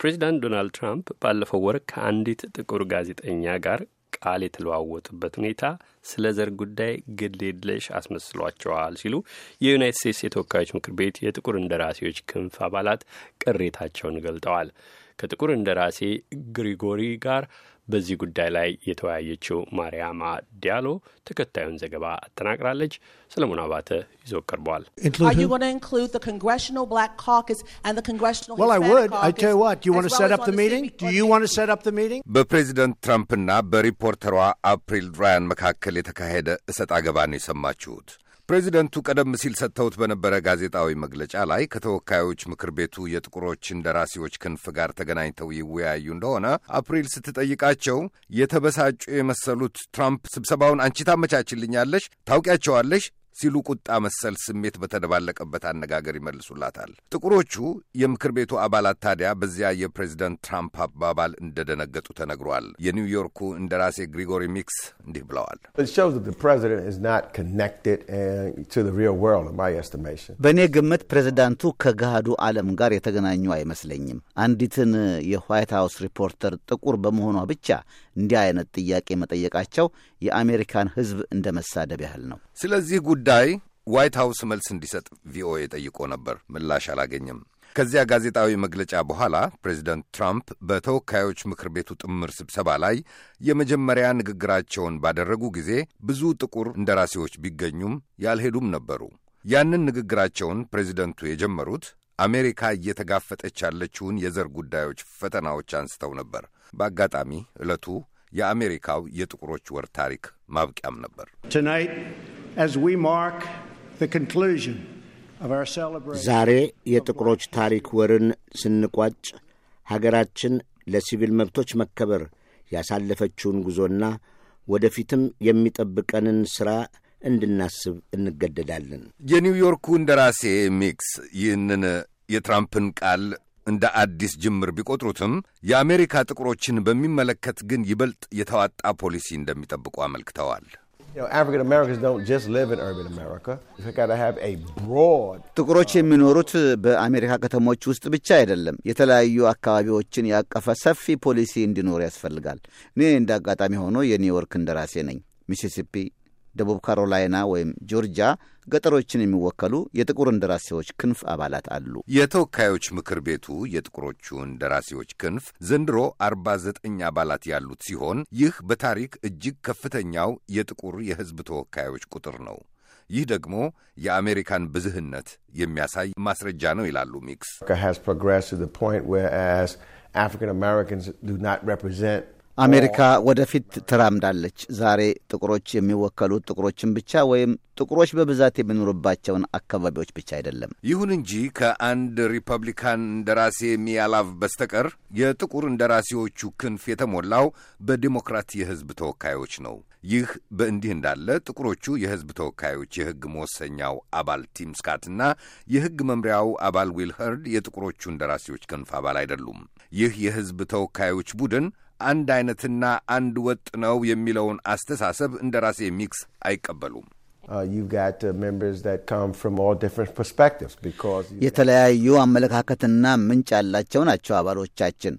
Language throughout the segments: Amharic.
ፕሬዚዳንት ዶናልድ ትራምፕ ባለፈው ወር ከአንዲት ጥቁር ጋዜጠኛ ጋር ቃል የተለዋወጡበት ሁኔታ ስለ ዘር ጉዳይ ግድ አስመስሏቸዋል ሲሉ የዩናይትድ ስቴትስ የተወካዮች ምክር ቤት የጥቁር እንደራሴዎች ክንፍ አባላት ቅሬታቸውን ገልጠዋል። ከጥቁር እንደራሴ ግሪጎሪ ጋር በዚህ ጉዳይ ላይ የተወያየችው ማርያማ ዲያሎ ተከታዩን ዘገባ አጠናቅራለች። ሰለሞን አባተ ይዞ ቀርቧል። በፕሬዚደንት ትራምፕና በሪፖርተሯ አፕሪል ራያን መካከል የተካሄደ እሰጥ አገባ ነው የሰማችሁት። ፕሬዚደንቱ ቀደም ሲል ሰጥተውት በነበረ ጋዜጣዊ መግለጫ ላይ ከተወካዮች ምክር ቤቱ የጥቁሮች እንደራሴዎች ክንፍ ጋር ተገናኝተው ይወያዩ እንደሆነ አፕሪል ስትጠይቃቸው የተበሳጩ የመሰሉት ትራምፕ ስብሰባውን አንቺ ታመቻችልኛለሽ፣ ታውቂያቸዋለሽ፣ ሲሉ ቁጣ መሰል ስሜት በተደባለቀበት አነጋገር ይመልሱላታል። ጥቁሮቹ የምክር ቤቱ አባላት ታዲያ በዚያ የፕሬዚደንት ትራምፕ አባባል እንደደነገጡ ተነግሯል። የኒውዮርኩ እንደራሴ ግሪጎሪ ሚክስ እንዲህ ብለዋል። uh, በእኔ ግምት ፕሬዚዳንቱ ከገሃዱ ዓለም ጋር የተገናኙ አይመስለኝም። አንዲትን የዋይት ሃውስ ሪፖርተር ጥቁር በመሆኗ ብቻ እንዲህ አይነት ጥያቄ መጠየቃቸው የአሜሪካን ሕዝብ እንደ መሳደብ ያህል ነው። ስለዚህ ጉዳይ ዋይት ሀውስ መልስ እንዲሰጥ ቪኦኤ ጠይቆ ነበር። ምላሽ አላገኘም። ከዚያ ጋዜጣዊ መግለጫ በኋላ ፕሬዚደንት ትራምፕ በተወካዮች ምክር ቤቱ ጥምር ስብሰባ ላይ የመጀመሪያ ንግግራቸውን ባደረጉ ጊዜ ብዙ ጥቁር እንደራሴዎች ቢገኙም ያልሄዱም ነበሩ። ያንን ንግግራቸውን ፕሬዚደንቱ የጀመሩት አሜሪካ እየተጋፈጠች ያለችውን የዘር ጉዳዮች ፈተናዎች አንስተው ነበር። በአጋጣሚ ዕለቱ የአሜሪካው የጥቁሮች ወር ታሪክ ማብቂያም ነበር። ዛሬ የጥቁሮች ታሪክ ወርን ስንቋጭ ሀገራችን ለሲቪል መብቶች መከበር ያሳለፈችውን ጉዞና ወደፊትም የሚጠብቀንን ሥራ እንድናስብ እንገደዳለን። የኒውዮርኩ እንደራሴ ሚክስ ይህንን የትራምፕን ቃል እንደ አዲስ ጅምር ቢቆጥሩትም የአሜሪካ ጥቁሮችን በሚመለከት ግን ይበልጥ የተዋጣ ፖሊሲ እንደሚጠብቁ አመልክተዋል። ጥቁሮች የሚኖሩት በአሜሪካ ከተሞች ውስጥ ብቻ አይደለም። የተለያዩ አካባቢዎችን ያቀፈ ሰፊ ፖሊሲ እንዲኖር ያስፈልጋል። እኔ እንደ አጋጣሚ ሆኖ የኒውዮርክ እንደራሴ ነኝ። ሚሲሲፒ ደቡብ ካሮላይና ወይም ጆርጂያ ገጠሮችን የሚወከሉ የጥቁር እንደራሴዎች ክንፍ አባላት አሉ። የተወካዮች ምክር ቤቱ የጥቁሮቹ እንደራሴዎች ክንፍ ዘንድሮ 49 አባላት ያሉት ሲሆን ይህ በታሪክ እጅግ ከፍተኛው የጥቁር የሕዝብ ተወካዮች ቁጥር ነው። ይህ ደግሞ የአሜሪካን ብዝህነት የሚያሳይ ማስረጃ ነው ይላሉ ሚክስ አሜሪካ ወደፊት ትራምዳለች። ዛሬ ጥቁሮች የሚወከሉት ጥቁሮችን ብቻ ወይም ጥቁሮች በብዛት የሚኖሩባቸውን አካባቢዎች ብቻ አይደለም። ይሁን እንጂ ከአንድ ሪፐብሊካን እንደራሴ ሚያላቭ በስተቀር የጥቁር እንደራሴዎቹ ክንፍ የተሞላው በዲሞክራት የህዝብ ተወካዮች ነው። ይህ በእንዲህ እንዳለ ጥቁሮቹ የህዝብ ተወካዮች የህግ መወሰኛው አባል ቲም ስካትና የህግ መምሪያው አባል ዊል ኸርድ የጥቁሮቹ እንደራሴዎች ክንፍ አባል አይደሉም። ይህ የህዝብ ተወካዮች ቡድን አንድ አይነትና አንድ ወጥ ነው የሚለውን አስተሳሰብ እንደ ራሴ ሚክስ አይቀበሉም። uh, uh, የተለያዩ አመለካከትና ምንጭ ያላቸው ናቸው አባሎቻችን።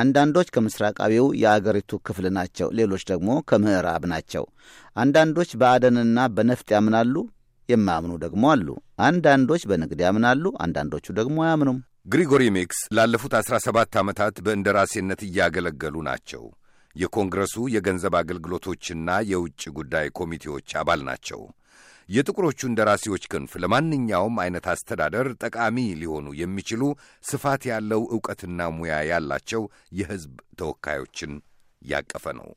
አንዳንዶች ከምስራቃዊው የአገሪቱ ክፍል ናቸው፣ ሌሎች ደግሞ ከምዕራብ ናቸው። አንዳንዶች በአደንና በነፍጥ ያምናሉ፣ የማያምኑ ደግሞ አሉ። አንዳንዶች በንግድ ያምናሉ፣ አንዳንዶቹ ደግሞ አያምኑም። ግሪጎሪ ሚክስ ላለፉት 17 ዓመታት በእንደራሴነት እያገለገሉ ናቸው። የኮንግረሱ የገንዘብ አገልግሎቶችና የውጭ ጉዳይ ኮሚቴዎች አባል ናቸው። የጥቁሮቹ እንደራሴዎች ክንፍ ለማንኛውም አይነት አስተዳደር ጠቃሚ ሊሆኑ የሚችሉ ስፋት ያለው ዕውቀትና ሙያ ያላቸው የሕዝብ ተወካዮችን ያቀፈ ነው።